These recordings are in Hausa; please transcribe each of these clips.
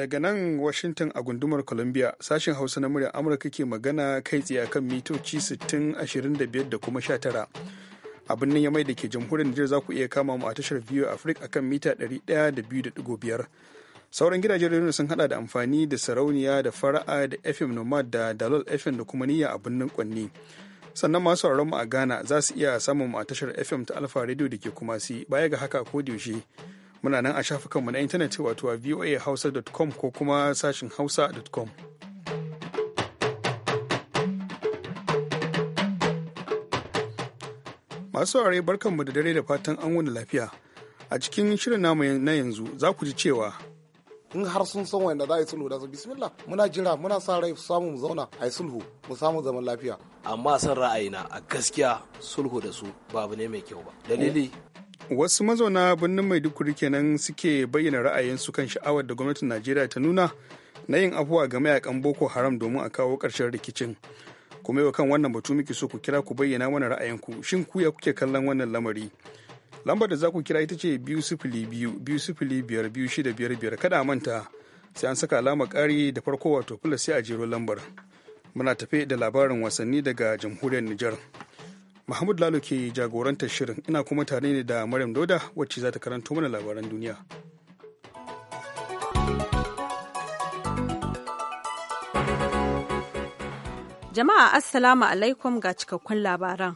daga nan Washington a gundumar Columbia sashen Hausa na muryar Amurka ke magana kai tsaye kan mitoci 25 da kuma 19. A ya Yamai da ke jamhuriyar Nijar za ku iya kama mu a tashar biyu a Africa akan mita 102.5. Sauran gidajen rediyo sun hada da amfani da sarauniya da fara'a da FM Nomad da Dalol FM da kuma niyya a birnin Kwanni. sannan masu mu a Ghana za su iya samun mu a tashar FM ta Alfa Radio da ke kumasi baya ga haka ko yaushe muna nan a shafukanmu na intanet wato a voahausa.com ko kuma sashin hausa.com masu saurare barkanmu da dare da fatan an wuni lafiya a cikin shirin namu na yanzu za ku ji cewa in har sun san wanda za a yi sulhu da su bismillah muna jira muna sa rai su samu mu zauna a yi sulhu mu samu zaman lafiya amma san ra'ayina a gaskiya sulhu da su babu ne mai kyau ba dalili wasu mazauna birnin maiduguri kenan suke bayyana ra'ayinsu kan sha'awar da gwamnatin najeriya ta nuna na yin afuwa ga mayakan boko haram domin a kawo karshen rikicin kuma yau kan wannan batu muke so ku kira ku bayyana mana ra'ayinku shin ku ya kuke kallon wannan lamari lambar da za ku kira ita ce biyu sifili biyu biyu sifili biyar biyu shida biyar biyar kada a manta sai an saka alamar ƙari da farko wato plus sai a jero lambar muna tafe da labarin wasanni daga jamhuriyar nijar Mahmud Lalo ke jagorantar shirin ina kuma tare ne da Maryam Doda wacce za ta karanto mana labaran duniya. Jama'a Assalamu alaikum ga cikakkun labaran.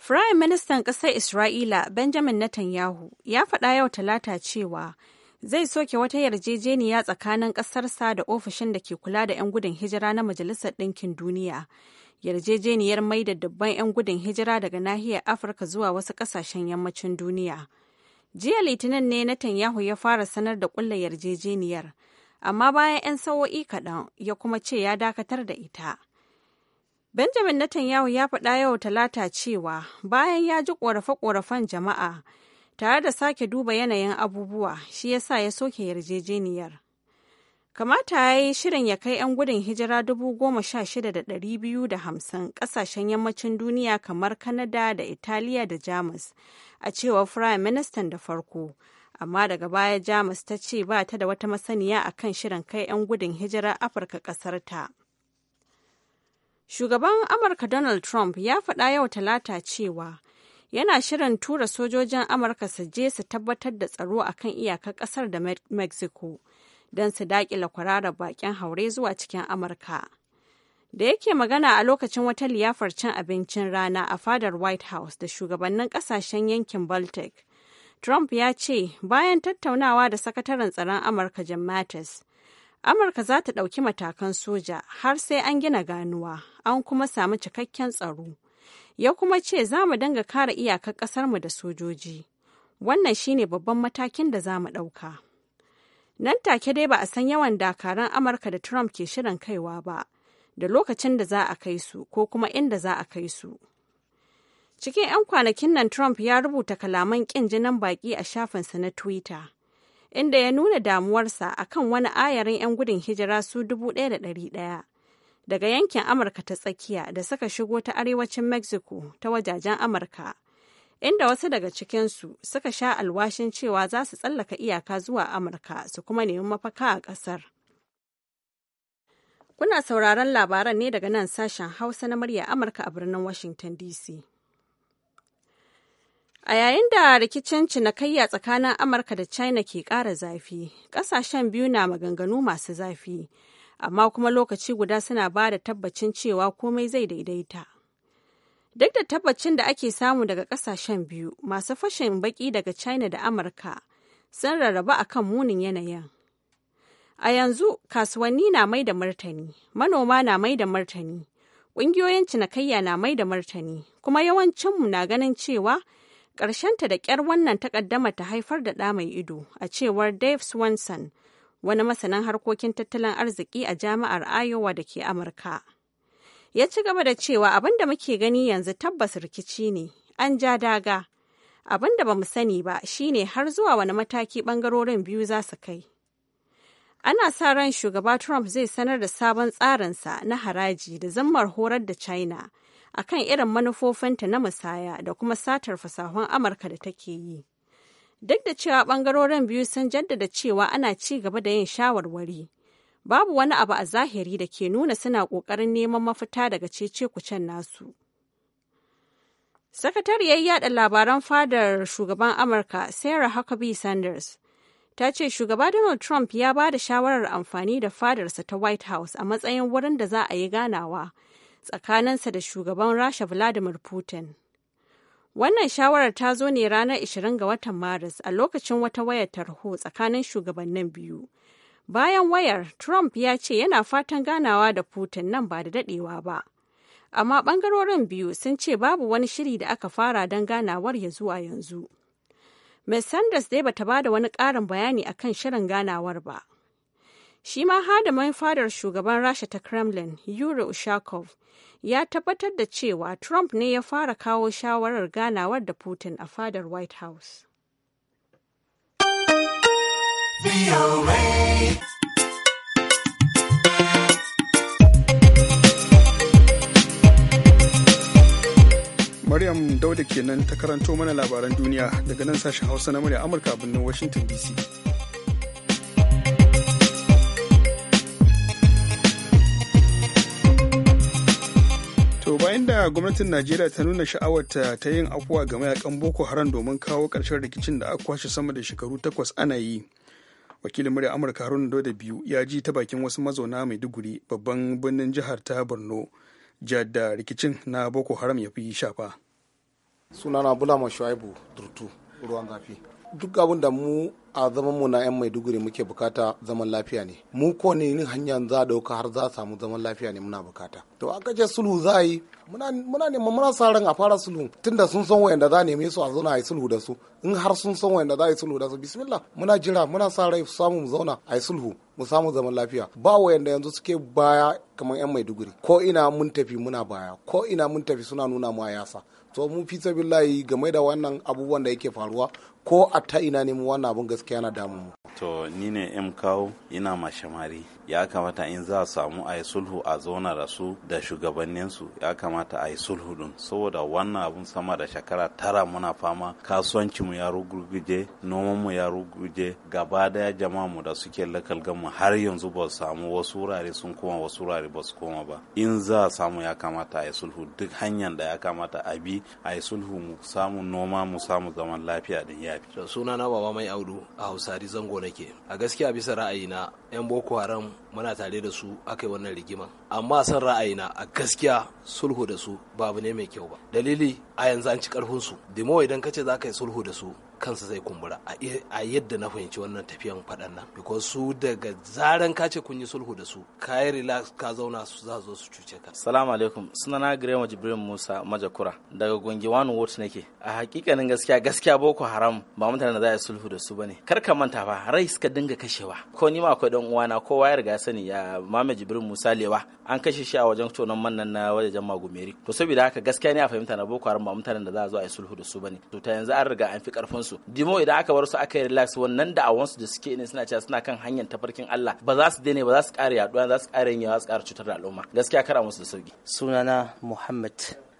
Firayim Ministan Ƙasar Isra'ila Benjamin Netanyahu ya faɗa yau talata cewa zai soke wata yarjejeniya tsakanin ƙasarsa da ofishin da ke kula da 'yan gudun hijira na Majalisar Ɗinkin Duniya yarjejeniyar Maida da dubban 'yan gudun hijira daga nahiyar afirka zuwa wasu kasashen yammacin duniya jiya litinin ne netanyahu ya fara sanar da kulla yarjejeniyar amma bayan 'yan sawo'i kaɗan ya kuma ce ya dakatar da ita benjamin netanyahu ya faɗa yau talata cewa bayan ya ji ƙorafe-ƙorafen jama'a tare da sake duba yanayin abubuwa shi yasa ya soke yarjejeniyar kamata ya yi shirin ya kai 'yan gudun hijira hamsin kasashen yammacin duniya kamar Kanada da Italiya da Jamus, a cewar Firayim Ministan da farko. Amma daga baya Jamus ta ce ba ta da wata masaniya a kan shirin kai 'yan gudun hijira Afirka ƙasarta. Shugaban Amurka Donald Trump ya faɗa yau Talata cewa yana shirin tura sojojin Amurka su je su tabbatar da tsaro akan iyakar ƙasar da Mexico. don su dakila kwararar baƙin haure zuwa cikin Amurka. Da yake magana a lokacin wata liyafar cin abincin rana a fadar White House da shugabannin ƙasashen yankin Baltic, Trump ya ce bayan tattaunawa da sakataren tsaron Amurka Jim Mattis, Amurka za ta ɗauki matakan soja har sai an gina ganuwa, an kuma samu cikakken tsaro. Ya kuma ce za mu dinga kare iyakar ƙasarmu da sojoji. Wannan shine babban matakin da za mu ɗauka. Nan take dai ba a san yawan dakaran Amurka da Trump ke shirin kaiwa ba, da lokacin da za a kai su ko kuma inda za a kai su. Cikin 'yan kwanakin nan Trump ya rubuta kalaman ƙin jinin baƙi a shafinsa na Twitter, inda ya nuna damuwarsa akan wani ayarin 'yan gudun hijira su ɗaya. daga yankin Amurka ta tsakiya da suka shigo ta arewacin Mexico ta wajajen Amurka inda wasu daga cikinsu suka sha alwashin cewa za su tsallaka iyaka zuwa Amurka su kuma nemi mafaka a ƙasar. Kuna sauraron labaran ne daga nan sashen Hausa na murya Amurka a birnin Washington DC. A yayin da rikicin cinikayya tsakanin Amurka da China ke ƙara zafi, ƙasashen biyu na maganganu masu zafi, amma kuma lokaci guda suna ba da tabbacin cewa komai zai daidaita. Duk da tabbacin da ake samu daga kasashen biyu, masu fashin baki daga China da Amurka sun rarraba a kan munin yanayin. A yanzu, kasuwanni na mai da martani, manoma na mai da martani, ƙungiyoyin cinikayya na mai da martani, kuma yawancinmu na ganin cewa ƙarshenta da ƙyar wannan takaddama ta haifar da ɗa mai ido, a cewar Dave Swanson, wani masanin harkokin tattalin arziki a jami'ar Iowa da ke Amurka. ya ci gaba da cewa abin da muke gani yanzu tabbas rikici ne an ja daga abin da ba mu sani ba shine har zuwa wani mataki bangarorin biyu za su kai ana sa ran shugaba trump zai sanar da sabon tsarinsa na haraji da zammar horar da china a kan irin manufofinta na musaya da kuma satar fasahun amurka da take yi duk da cewa bangarorin biyu sun jaddada cewa ana ci gaba da yin shawarwari babu wani abu a zahiri da ke nuna suna ƙoƙarin neman mafita daga cece-kucen nasu. Sakatariyar yaɗa labaran fadar shugaban Amurka Sarah Huckabee Sanders ta ce shugaba Donald Trump ya ba da shawarar amfani da fadarsa ta White House a matsayin wurin da za a yi ganawa tsakaninsa da shugaban Rasha Vladimir Putin. Wannan shawarar ta zo ne ranar 20 ga watan Maris a lokacin wata wayar tarho tsakanin shugabannin biyu. Bayan wayar, Trump ya ce yana fatan ganawa da Putin nan ba da dadewa ba. Amma ɓangarorin biyu sun ce babu wani shiri da aka fara don ganawar ya zuwa yanzu. Ms. Sanders dai bata bada wani ƙarin bayani akan shirin ganawar ba. Shi ma hadaman fadar shugaban Rasha ta Kremlin, Yuri Ushakov, ya tabbatar da cewa Trump ne ya fara kawo shawarar ganawar da Putin a fadar White House. Maryam Dauda kenan ta karanto mana labaran duniya daga nan sashen Hausa na murya Amurka a birnin Washington DC. To bayan da gwamnatin Najeriya ta nuna sha'awarta ta yin afuwa ga mayakan Boko Haram domin kawo ƙarshen rikicin da aka kwashe sama da shekaru takwas ana yi. wakilin murya amurka haruna da biyu ya ji ta bakin wasu mazauna mai maiduguri babban birnin jihar ta borno jihar da rikicin na boko haram ya fi shafa sunana bulama shuaibu durtu ruwan zafi duk abin da mu a zaman mu na yan maiduguri muke bukata zaman lafiya ne mu ko ne yin hanyar za dauka har za samu zaman lafiya ne muna bukata to aka ce sulhu za a yi muna neman muna sa ran a fara sulhu tunda sun san wayanda za a neme su a zauna a yi sulhu da su in har sun san wayanda za a yi sulhu da su bismillah muna jira muna sa rai samu mu zauna a yi sulhu mu samu zaman lafiya ba wayanda yanzu suke baya kamar yan maiduguri ko ina mun tafi muna baya ko ina mun tafi suna nuna mu a yasa so mu fi sabillahi game da wannan abubuwan da yake faruwa ko a ta ina ne mu wannan abun gaskiya na damu to ni ne m kawo ina mashamari ya kamata in za a samu a yi sulhu a zauna da su da shugabanninsu ya kamata a yi sulhu din saboda wannan abun sama da shekara tara muna fama kasuwanci mu ya rugurguje mu ya ruguje gaba daya mu da suke lakal mu har yanzu ba samu wasu wurare sun koma wasu wurare ba su koma ba in za a samu ya kamata a yi sulhu duk hanyar da ya kamata a bi a yi sulhu mu samu noma mu samu zaman lafiya din ya fi. sunana baba mai audu a hausari zango nake a gaskiya bisa na. yan boko haram muna tare da su aka yi wannan rigima amma san ra'ayina a gaskiya sulhu da su babu ne mai kyau ba dalili a yanzu an ci karfin su dimo idan kace za ka yi sulhu da su kansa zai kumbura a yadda na fahimci wannan tafiyan faɗan nan because su daga zaran ka ce kun yi sulhu da su ka yi relax ka zauna su za zo su cuce ka salamu alaikum na girema jibrin musa majakura daga gungi wani wot nake a hakikanin gaskiya gaskiya boko haram ba mutane da za a sulhu da su ne kar ka manta ba rai suka dinga kashewa ko ni ma akwai dan uwana kowa ya riga sani ya mame jibrin musa lewa an kashe shi a wajen tonon man nan na wajen magumeri to saboda haka gaskiya ne a fahimta na boko haram ba mutane da za a zo a yi sulhu da su ne to ta yanzu an riga an fi karfin su dimo idan aka bar su aka yi relax wannan da'awan su da suke ne suna cewa suna kan hanyar tafarkin Allah ba za su daina ba za su ƙara yaduwa za su ƙara yin yawa su ƙara cutar da al'umma gaskiya kara musu da sauki sunana Muhammad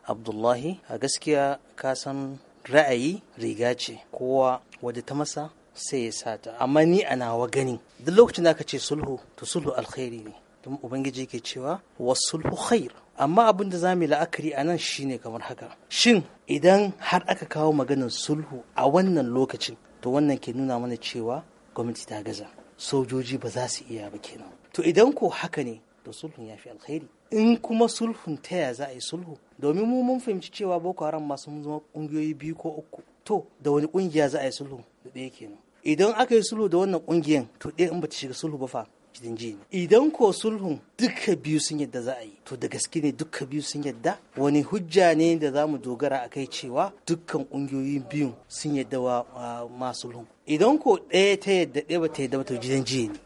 Abdullahi a gaskiya ka san ra'ayi riga ce kowa wadda ta masa sai ya sata amma ni a nawa gani, duk lokacin da aka ce sulhu to sulhu alkhairi ne don ubangiji ke cewa wasulhu khair amma abin da za mu yi la'akari a nan shi ne kamar haka shin idan har aka kawo maganar sulhu a wannan lokacin to wannan ke nuna mana cewa gwamnati ta gaza sojoji ba za su iya ba kenan to idan ko haka ne to sulhun ya fi alkhairi in kuma sulhun ta ya za a yi sulhu domin mu mun fahimci cewa boko haram masu mun zama kungiyoyi biyu ko uku to da wani kungiya za a yi sulhu da ɗaya kenan idan aka yi sulhu da wannan kungiyan to ɗaya in ba ta shiga sulhu ba fa jinjini idan ko sulhun duka biyu sun yadda za a yi to da gaske ne duka biyu sun yadda wani hujja ne da za mu dogara a kai cewa dukkan ƙungiyoyin biyun sun yadda wa ma sulhun idan ko ɗaya ta yadda ɗaya ba ta yadda ba to gidan ji ne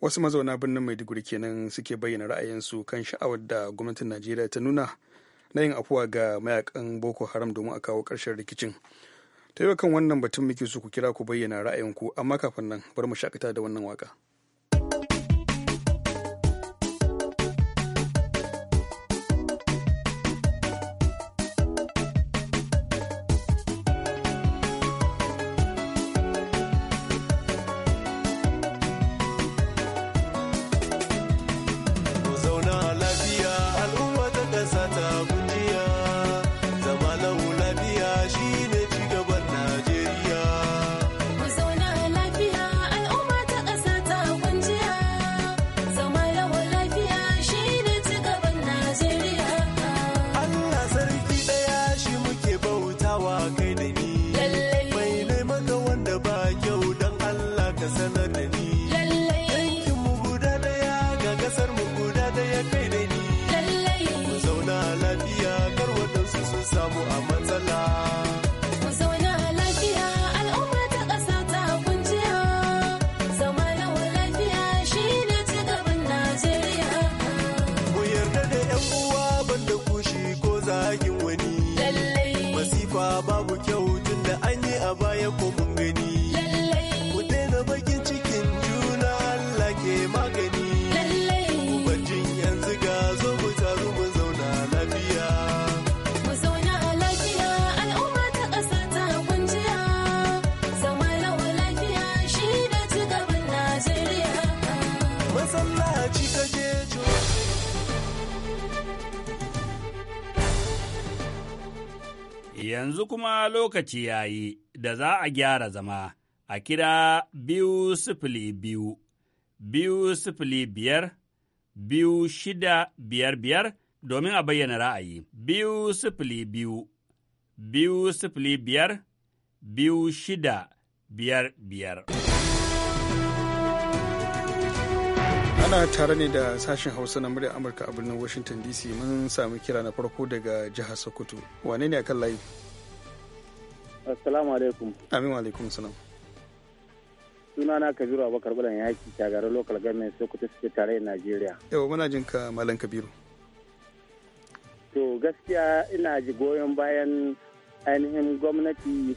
wasu mazauna birnin maiduguri kenan suke bayyana ra'ayinsu kan sha'awar da gwamnatin najeriya ta nuna na yin afuwa ga mayakan boko haram domin a kawo karshen rikicin ta kan wannan batun muke su ku kira ku bayyana ra'ayinku amma kafin nan bar mu shakata da wannan waka. yanzu kuma lokaci ya yi da za a gyara zama a kira biyu sifili biyu, biyu sifili biyar, biyu shida biyar biyar domin a bayyana ra'ayi, biyu sifili biyu, biyu sifili biyar, biyu shida biyar biyar. ana tare ne da sashen hausa na murya amurka a birnin washington dc mun sami kira na farko daga jihar sokoto wane ne akan layi assalamu alaikum amin alaikum salam suna na kabiru abubakar bulan yaki tagarar local government sokoto suke a najeriya yau muna jin ka malam kabiru to gaskiya ina ji goyon bayan ainihin gwamnati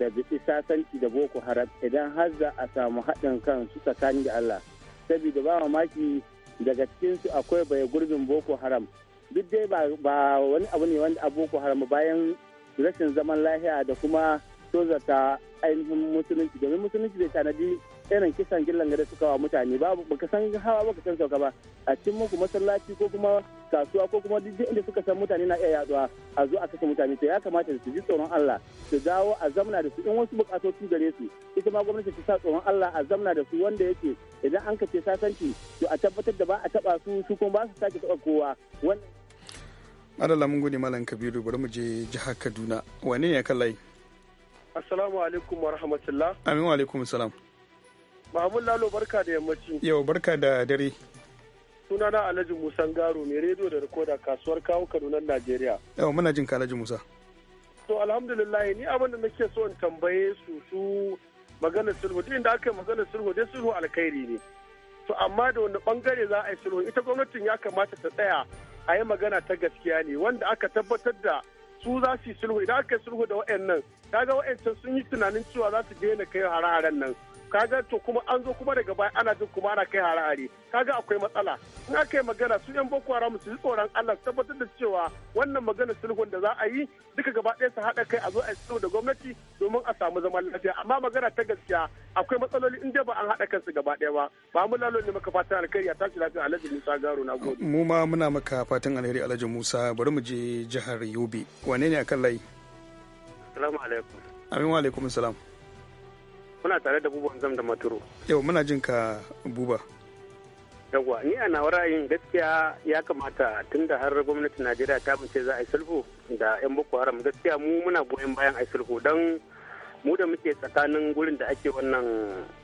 da bisi sasanci da boko haram idan har za a samu haɗin kan su tsakani da allah saboda ba mamaki daga cikinsu akwai bai gurbin boko haram duk dai ba wani abu ne wanda a boko haram bayan rashin zaman lahiya da kuma tozata ainihin musulunci domin musulunci bai tanadi irin kisan gillan da suka wa mutane ba baka san hawa baka san sauka ba a cikin muku masallaci ko kuma kasuwa ko kuma duk inda suka san mutane na iya yaduwa a zo a kashe mutane to ya kamata su ji tsoron Allah su dawo a zamna da su in wasu bukatoci gare su ita ma gwamnati ta sa tsoron Allah a zamna da su wanda yake idan an kace sasanci to a tabbatar da ba a taba su su kuma ba su sake taba kowa wannan adala mun gudu malam kabiru bari mu je jiha kaduna wane ne kan layi assalamu alaikum wa rahmatullah amin wa alaikum salam mahamud lalo barka da yammaci yau barka da dare sunana alhaji Musa garo mai rediyo da rikoda kasuwar kawo Kaduna, najeriya yau muna jin ka alhaji musa to alhamdulillah ni abin da nake so in tambaye su su magana sulhu duk inda aka yi maganar sulhu dai sulhu alkhairi ne to amma da wani bangare za a yi sulhu ita gwamnatin ya kamata ta tsaya a yi magana ta gaskiya ne wanda aka tabbatar da su za su yi sulhu idan aka yi sulhu da waɗannan kaga waɗancan sun yi tunanin cewa za su daina kai hare-haren nan kaga to kuma an zo kuma daga baya ana jin kuma ana kai hare-hare kaga akwai matsala na kai yi magana su yan boko haram su ji tsoron Allah tabbatar da cewa wannan magana sulhun da za a yi duka gaba ɗaya su haɗa kai a zo a sulhu da gwamnati domin a samu zaman lafiya amma magana ta gaskiya akwai matsaloli in ba an haɗa kansu gaba ɗaya ba ba mu lalo ne maka fatan alkhairi a tashi lafiya Alhaji Musa Garo na gode mu ma muna maka fatan alheri Alhaji Musa bari mu je jihar Yobe wane ne akan layi Assalamu alaikum Amin wa alaikum salam. kuna tare da buba zam da maturu yau muna jin ka buba yawwa ni a nawa ra'ayin gaskiya ya kamata tunda har gwamnatin najeriya ta bince za a yi sulhu da yan boko haram gaskiya mu muna goyon bayan a yi sulhu don mu da muke tsakanin gurin da ake wannan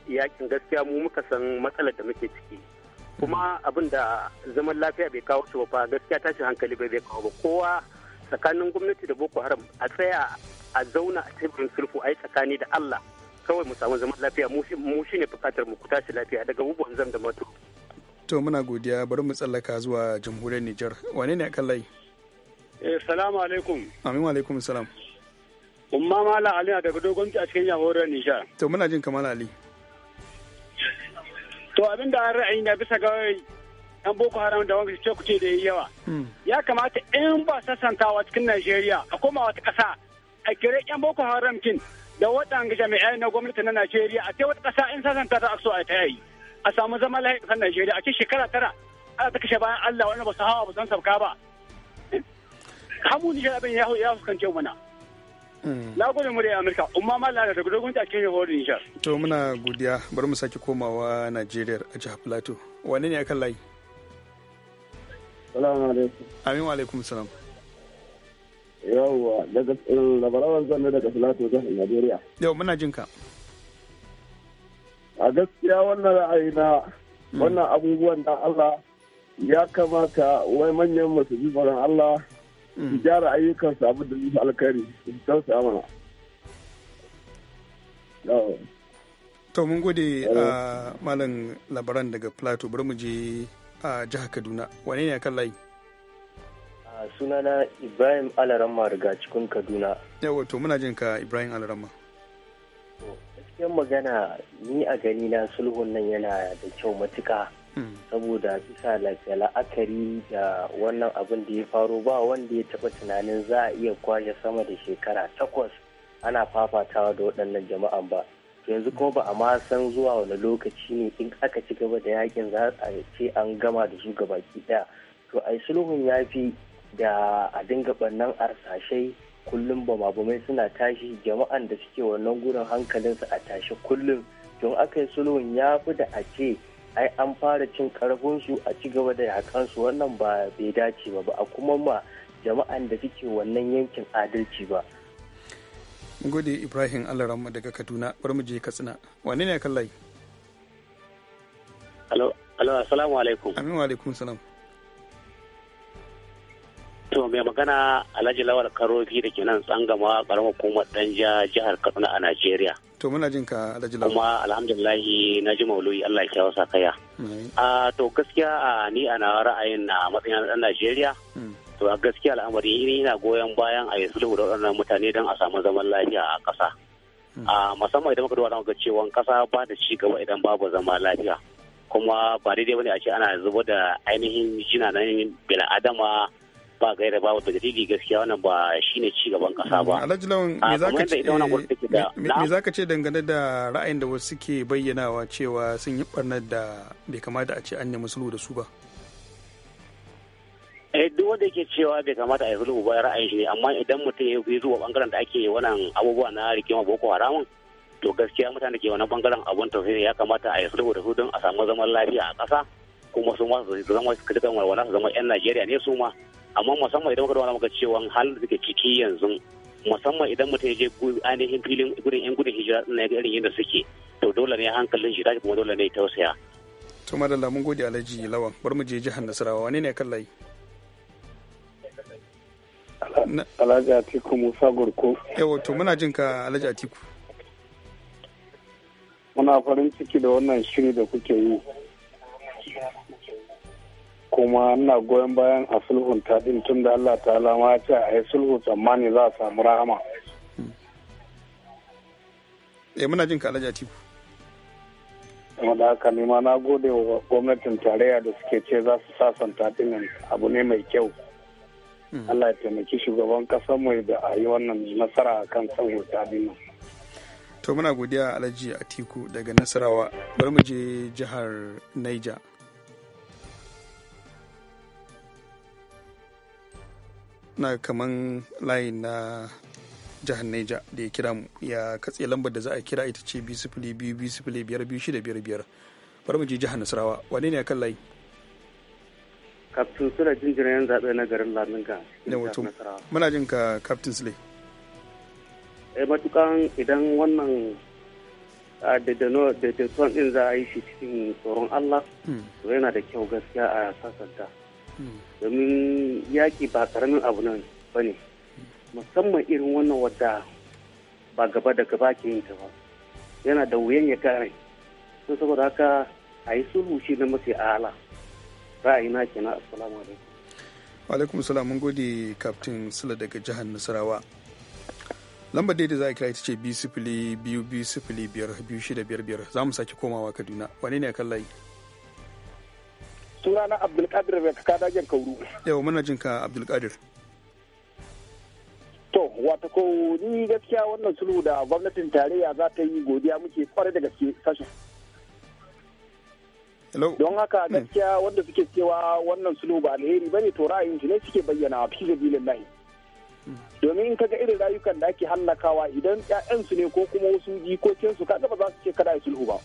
yakin gaskiya mu muka san matsalar da muke ciki kuma abin da zaman lafiya bai kawo su ba gaskiya tashin hankali bai bai kawo ba kowa tsakanin gwamnati da boko haram a tsaya a zauna a teburin sulhu a yi tsakani da allah kawai mu samu zaman lafiya mu shi ne bukatar mu tashi lafiya daga bubuwan zan da mato. To muna godiya bari mu tsallaka zuwa jamhuriyar Nijar. Wane ne akan layi? Eh salamu alaikum. Amin alaikum salam. Umma Mala Ali daga dogon a cikin jamhuriyar Nijar. To muna jin kamar Ali. To abin da an ra'ayi na bisa ga yan Boko Haram da wani ce kuce da yawa. Hmm. Ya kamata in ba sassantawa cikin Najeriya a koma wata ƙasa a kire yan boko haram kin da waɗanda jami'ai na gwamnati na najeriya a ce ƙasa in sasanta ta aso a ta yi a samu zama lahiya ƙasar najeriya a ce shekara tara ana ta kashe bayan allah wani ba su hawa ba san sauka ba hamu ni abin ya fuskance mana mm. na gode mu da amurka umma mallaka da dogon ta kenya hori nijar to muna godiya bari mu sake komawa najeriya a jihar plateau wane ne akan layi salamu alaikum amin wa alaikum salam yawwa daga eh, daga filato jihar najeriya yau muna jin ka a gaskiya wannan ra'ayi na hmm. wannan abubuwan da allah ya kamata wai manyan masu ji allah su hmm. gyara ayyukan abin da alkhairi su tausaya mana to mun gode eh. a ah, malam labaran daga plateau bari mu je a ah, jihar kaduna wane ne a kan layi sunana Ibrahim Alaramma daga cikin Kaduna. Yawa to muna jin Ibrahim Alaramma. cikin magana ni a gani na sulhun nan yana da kyau matuka. Hmm. Saboda bisa la'akari da wannan abin da ya faro ba wanda ya taba tunanin za a iya kwashe sama da shekara takwas ana fafatawa da waɗannan jama'an ba. yanzu kuma ba a ma san zuwa wani lokaci ne in aka ci gaba da yakin za a ce an gama da su gabaki daya to ai sulhun ya fi da a dinga bannan arsashai kullum bamabamai suna tashi jama'an da suke wannan gurin hankalinsu a tashi kullum don aka yi sulhun ya fi da a ce ai an fara cin karfinsu a ci gaba da yakansu wannan ba bai dace ba ba a kuma ma jama'an da suke wannan yankin adalci ba. gode ibrahim alaramma daga kaduna bari mu je katsina wani ne kan layi. alo assalamu alaikum. amin wa alaikum salam. to mai magana alhaji lawal karofi da ke nan tsangama karamar hukumar danja jihar kaduna a najeriya to muna jin ka alhaji lawal kuma alhamdulillahi na ji mauluyi allah ya wasa kaya a to gaskiya a ni ana ra'ayin na matsayin dan najeriya hmm. to a gaskiya al'amari ni ina goyon bayan a yanzu da waɗannan mutane don a samu zaman lafiya a ƙasa hmm. a musamman idan muka duba ga cewa ƙasa ba da ci gaba idan babu zama lafiya kuma ba daidai bane a ce ana zuba da ainihin na bil'adama adama ba gaira ba wata dalili gaskiya wannan ba shine ci gaban kasa ba mm, alhaji lawan me ah, zaka ce me ce dangane da ra'ayin da wasu suke bayyanawa cewa sun yi barnar da bai kamata a ce an nemi sulhu da su ba eh duk wanda yake cewa bai kamata a yi sulhu ba ra'ayin shi ne amma idan mutum ya zuwa bangaren da ake wannan abubuwa na rikima boko haramun to gaskiya mutane ke wannan bangaren abun tausayi ya kamata a yi sulhu da su don a samu zaman lafiya a ƙasa kuma su ma su zama su zama walwala su zama 'yan Najeriya ne su ma amma musamman idan kuma duba muka cewa halin da suke ciki yanzu musamman idan mutum ya je ainihin filin gudun yan gudun hijira na irin yadda suke to dole ne hankalin shi kuma dole ne ya tausaya to madalla mun gode alhaji lawan bar mu je jihar nasarawa wane ne kan layi alhaji atiku musa gurko yawa to muna jin ka alhaji atiku muna farin ciki da wannan shiri da kuke yi kuma ina goyon bayan a sulhunta din tun da Allah ta ya ce a yi sulhu tsammani za a samu rahama. Eh muna jin ka Alhaji Kuma da haka nima na gode wa gwamnatin tarayya da suke ce za su sasanta dinin abu ne mai kyau. Hmm. Allah ya taimaki shugaban kasar mai da a yi wannan nasara a kan sulhunta nan. To muna godiya Alhaji Atiku daga Nasarawa bari mu je jihar Niger. na kaman layin na jihar Neja da ya kira mu ya katse lambar da za a kira ita ce 2 0 2 biyar biyu shida biyar biyar bari mu je jihar Nasarawa wane ne akan layi Captain Sule jinjirayen zaɓe na garin Laminga. Da wato, muna jin ka Captain Sule. Eh matukan idan wannan daidaituwan din za a yi shi cikin tsoron Allah, to yana da kyau gaskiya a sasanta. domin yaƙi ba karamin abu nan ba ne musamman irin wannan wadda ba gaba da gaba ke yin ta ba yana da wuyan ya kare sun saboda haka a yi sulhu shi na mafi ala ra'ayina na assalamu alaikum alaikum salam mun gode kaftin sula daga jihar nasarawa lambar daidai za a kira ita ce biyu sifili biyu biyu sifili biyar biyu shida biyar biyar za mu sake komawa kaduna wane ne a kan layi sunana abdulkadir mai kaka dajen kauru yau muna jinka abdulkadir to wata ko ni gaskiya wannan sulhu da gwamnatin tarayya za ta yi godiya muke kwarai da gaske sashen don haka mm. gaskiya wanda suke cewa wannan sulhu ba alheri bane to ra'ayin shi ne suke bayyana fi sabilillahi mm. domin in kaga irin rayukan da ake hallakawa idan 'ya'yansu ne ko kuma wasu jikokinsu kaga ba za su ce kada sulhu ba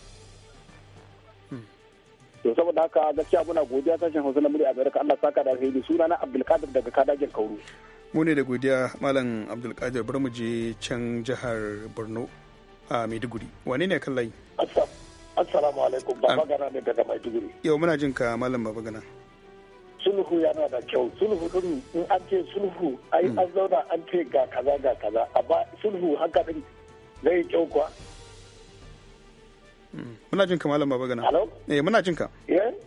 to saboda haka gaskiya muna godiya sashen hausa na murya amerika allah saka da alheri suna na abdulkadir daga kadagen kauru mu ne da godiya malam abdulkadir bar mu je can jihar borno a maiduguri wane ne kan layi assalamu alaikum baba gana ne daga maiduguri yau muna jin ka malam baba gana sulhu yana da kyau sulhu din in an ce sulhu ai hmm. an zauna an ce ga kaza ga kaza amma sulhu haka din zai kyau kuwa muna jin ka malam babagana eh muna jin ka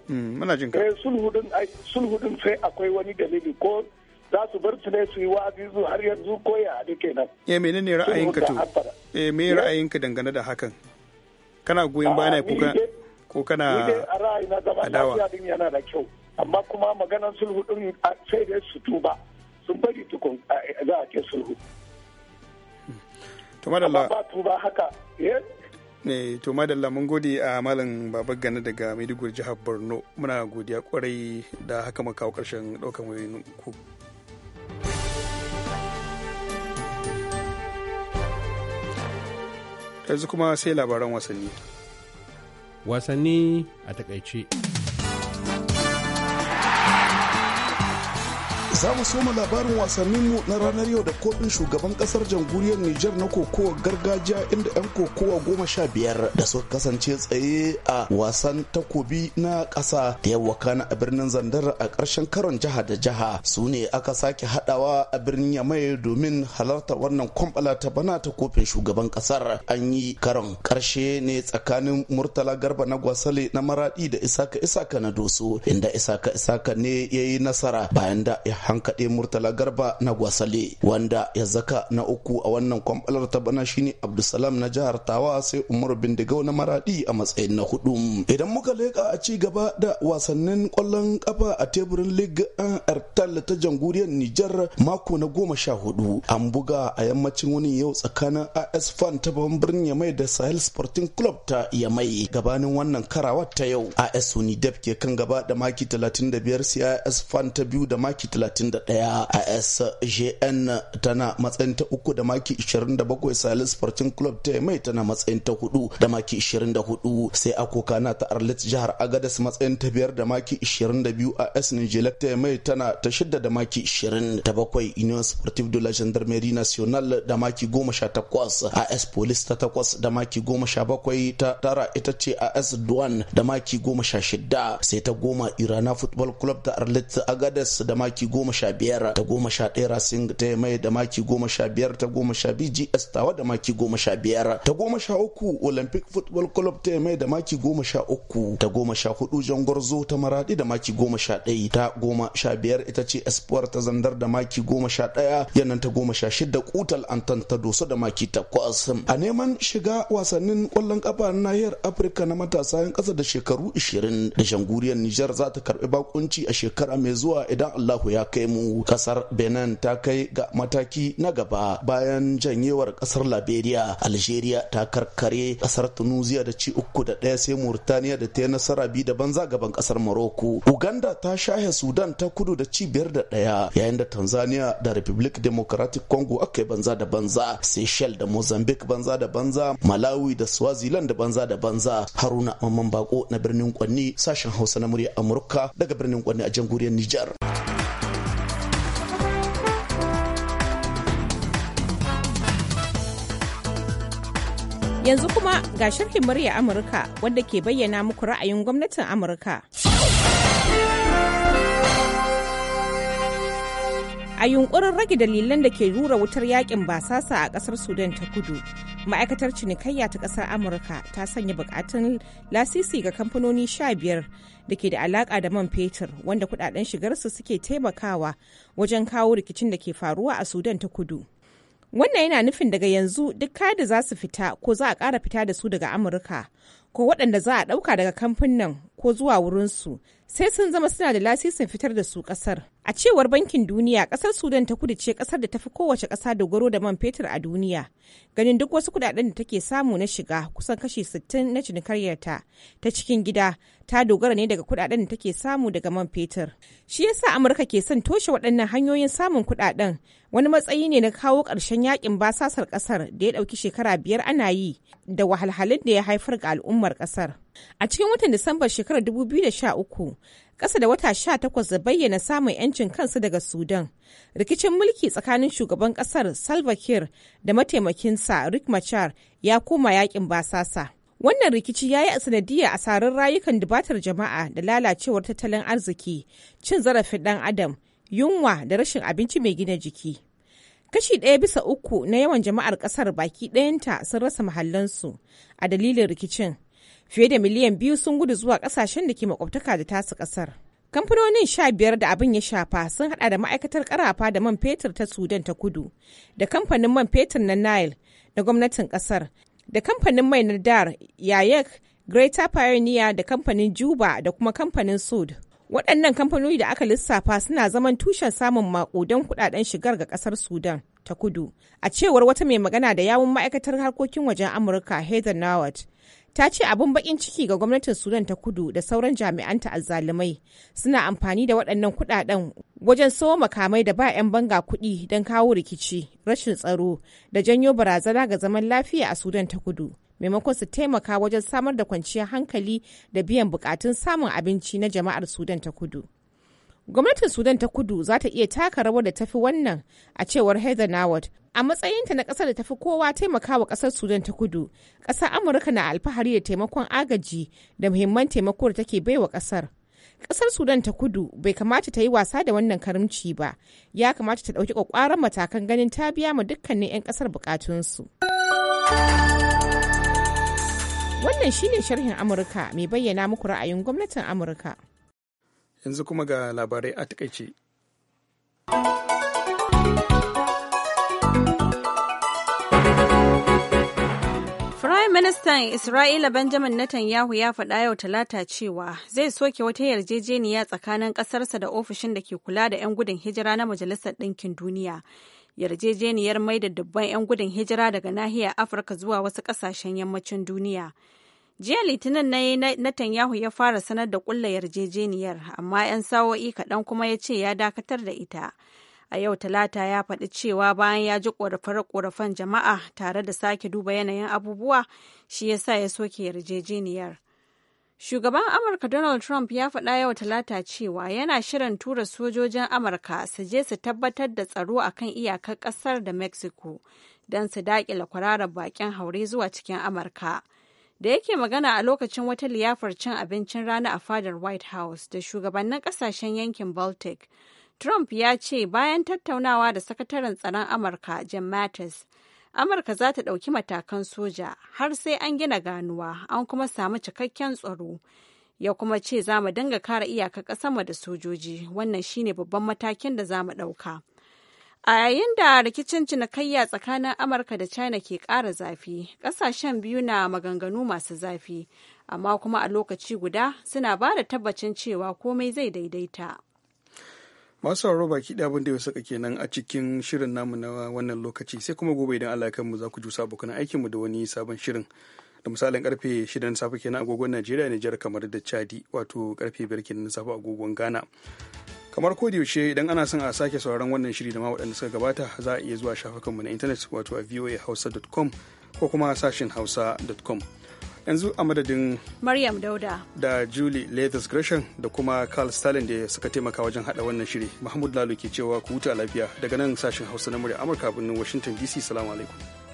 mm, muna jin ka eh sulhu din sai akwai wani dalili ko za su bar su ne su yi wa'azi su har yanzu ko ya haɗu kenan eh menene ra'ayinka to eh me ra'ayinka dangane da hakan kana goyon ah, baya ko kana ko kana adawa yana da kyau amma kuma maganar sulhu din sai dai su tuba sun bari tukun za a ke sulhu to madalla ba tuba haka eh ne to madalla mun gode a malam baba gana daga maiduguri jihar borno muna godiya kwarai da haka muka kawo karshen ɗaukan wayoyin ku yanzu kuma sai labaran wasanni wasanni a takaice Za mu soma labarin wasannin mu na ranar yau da kofin shugaban kasar jamhuriyar Nijar na kokowa gargajiya inda 'yan kokowa goma sha biyar da suka kasance tsaye a wasan takobi na ƙasa da yawa kana a birnin Zandar a ƙarshen karon jiha da jiha su ne aka sake haɗawa a birnin Yamai domin halarta wannan kwambala ta bana ta kofin shugaban ƙasar an yi karon ƙarshe ne tsakanin Murtala Garba na Gwasale na Maradi da Isaka Isaka na Doso inda Isaka Isaka ne ya yi nasara bayan da ya hankaɗe murtala garba na gwasale wanda ya zaka na uku a wannan kwamfalar ta bana shine abdulsalam na jihar tawa sai umaru bindigau na maradi a matsayin na hudu idan muka leka a ci gaba da wasannin kwallon kafa a teburin lig an artal ta jamhuriyar nijar mako na goma sha hudu an buga a yammacin wani yau tsakanin as fan ta babban birnin yamai da sahel sporting club ta yamai gabanin wannan karawa ta yau as unidep ke kan gaba da maki 35 sai as fan ta biyu da maki 30 31 a sjn tana matsayin ta uku da maki 27 salis sporting club ta mai tana matsayin ta hudu da maki 24 sai akoka na ta arlet jihar agadas matsayin ta biyar da maki 22 a s nigeria ta mai tana ta shidda da maki 27 union sportive de la gendarmerie nationale da maki 18 a s police ta takwas da maki 17 ta tara ita ce a s duan da maki 16 sai ta goma irana football club ta arlet agadas da maki 10 goma sha biyar ta goma sha ɗaya racing ta mai da maki goma sha biyar ta goma sha biyu gs tawa da maki goma sha biyar ta goma sha uku olympic football club ta mai da maki goma sha uku ta goma sha hudu jangorzo ta maradi da maki goma sha ɗaya ta goma sha biyar ita ce espoir ta zandar da maki goma sha ɗaya yannan ta goma sha shida kutal antan ta doso da maki takwas a neman shiga wasannin kwallon kafa na nahiyar afirka na matasa yan ƙasa da shekaru 20 da shanguriyar nijar za ta karbi bakunci a shekara mai zuwa idan allahu ya kai kai mu kasar benin ta kai ga mataki na gaba bayan janyewar kasar liberia algeria ta karkare kasar tunisia da ci uku da ɗaya sai murtaniya da ta yi nasara biyu da banza gaban kasar morocco uganda ta shahe sudan ta kudu da ci biyar da ɗaya yayin da tanzania da republic democratic congo aka yi banza da banza seychelles da mozambique banza da banza malawi da swaziland da banza da banza haruna mamman bako na birnin kwanni sashen hausa na murya amurka daga birnin kwanni a jamhuriyar nijar Yanzu kuma ga sharhin murya Amurka wadda ke bayyana muku ra'ayin gwamnatin Amurka. a yunkurin rage dalilan da ke rura wutar yakin basasa a kasar sudan ta kudu ma'aikatar cinikayya ta kasar amurka ta sanya bukatun lasisi ga kamfanoni sha biyar da ke da alaka da man fetur wanda kudaden shigarsu suke taimakawa wajen kawo rikicin da ke faruwa a sudan ta kudu Wannan yana nufin daga yanzu duk kada za su fita ko za a ƙara fita da su daga Amurka ko waɗanda za a ɗauka daga kamfanin ko zuwa wurinsu sai sun zama suna da lasisin fitar da su ƙasar. A cewar Bankin Duniya, ƙasar Sudan ta kudu ce ƙasar da ta fi kowace ƙasa dogaro da man fetur a duniya. Ganin duk wasu kuɗaɗen da take samu na shiga kusan kashi 60 na cinikayyarta ta cikin gida ta dogara ne daga kudaden da take samu daga man fetur. Shi yasa Amurka ke son toshe waɗannan hanyoyin samun kudaden wani matsayi ne na kawo ƙarshen yakin basasar ƙasar da ya ɗauki shekara biyar ana yi da wahalhalun da ya haifar ga al'ummar ƙasar. A cikin watan Disambar shekarar 2013, ƙasa da wata 18 da bayyana samun 'yancin kansu daga Sudan. Rikicin mulki tsakanin shugaban ƙasar Salva Kiir da mataimakinsa Rick Machar ya koma yakin basasa. Wannan rikici ya yi a asarar rayukan dubatar jama'a da lalacewar tattalin arziki, cin zarafin ɗan adam, yunwa da rashin abinci mai gina jiki. Kashi ɗaya bisa uku na yawan jama'ar ƙasar baki ɗayanta sun rasa mahallansu a dalilin rikicin. Fiye da miliyan biyu sun gudu zuwa ƙasashen da ke makwabtaka da tasu ƙasar. Kamfanonin sha biyar da abin ya shafa sun haɗa da ma'aikatar ƙarafa da man fetur ta Sudan ta kudu, da kamfanin man fetur na Nile da gwamnatin ƙasar. da kamfanin mai nadar yayek greater pioneer da kamfanin juba da kuma kamfanin sud waɗannan kamfanoni da aka lissafa suna zaman tushen samun maƙudan kudaden shigar ga ƙasar sudan ta kudu a cewar wata mai magana da yawun ma'aikatar harkokin wajen amurka heather nawat ta ce abin bakin ciki ga gwamnatin sudan ta kudu da sauran jami'an azzalumai suna amfani da waɗannan kuɗaɗen wajen sawo makamai da ba 'yan banga kuɗi don kawo rikici rashin tsaro da janyo barazana ga zaman lafiya a sudan ta kudu maimakon su taimaka wajen samar da kwanciyar hankali da biyan bukatun samun abinci na jama'ar sudan ta kudu Gwamnatin Sudan ta kudu za ta iya taka rawar da tafi wannan a cewar Heather Nawad. A matsayinta na ƙasar da tafi kowa taimakawa ƙasar Sudan ta kudu, ƙasar Amurka na alfahari da taimakon agaji da muhimman taimako da take baiwa ƙasar. kasar sudan ta kudu bai kamata ta yi wasa da wannan karimci ba ya kamata ta ɗauki kwakwaran matakan ganin ta biya ma dukkanin 'yan ƙasar bukatunsu wannan shine sharhin amurka mai bayyana muku ra'ayin gwamnatin amurka yanzu kuma ga labarai a takaice Ministan Isra'ila Benjamin Netanyahu ya faɗa yau Talata cewa zai soke wata yarjejeniya tsakanin ƙasarsa da ofishin da ke kula da 'yan gudun hijira na Majalisar Ɗinkin Duniya. Yarjejeniyar mai da dubban 'yan gudun hijira daga nahiyar Afirka zuwa wasu ƙasashen yammacin duniya. jiya litinin na netanyahu ya fara sanar da kulla yarjejeniyar amma 'yan sawo'i kaɗan kuma ya ce ya dakatar da ita a yau talata ya faɗi cewa bayan ya ji ƙorafe-ƙorafen jama'a tare da sake duba yanayin abubuwa shi ya sa ya soke yarjejeniyar shugaban amurka donald trump ya faɗa yau talata cewa yana shirin tura sojojin amurka su je su tabbatar da tsaro akan iyakar ƙasar da mexico don su daƙile kwararar baƙin haure zuwa cikin amurka da yake magana a lokacin wata liyafar cin abincin rana a fadar white house da shugabannin kasashen yankin baltic trump ya ce bayan tattaunawa da sakataren tsaron amurka jim mattis amurka za ta ɗauki matakan soja har sai an gina ganuwa an kuma samu cikakken tsaro ya kuma ce za mu dinga kare iyakar ƙasarmu da sojoji wannan shine babban matakin da za mu ɗauka A yayin da rikicin cinikayya tsakanin Amurka da China ke kara zafi, kasashen biyu na maganganu masu zafi, amma kuma a lokaci guda suna ba da tabbacin cewa komai zai daidaita. Masu sauraro baki ɗaya abin ya saka kenan a cikin shirin namu na wannan lokaci sai kuma gobe idan Allah mu za ku ju abokan aikinmu da wani sabon shirin. Da misalin karfe shida na safe kenan agogon Najeriya Nijar kamar da Chadi wato karfe biyar kenan na safe agogon Ghana. kamar ko yaushe idan ana son a sake sauraron wannan shiri da ma waɗanda suka gabata za a iya zuwa shafukanmu na intanet wato a voahausa.com ko kuma sashin hausa.com yanzu a madadin maryam dauda da julie leathers gresham da kuma carl stalin da suka taimaka wajen hada wannan shiri mahmud lalo ke cewa ku huta lafiya daga nan sashen hausa na murya amurka birnin washington dc salamu alaikum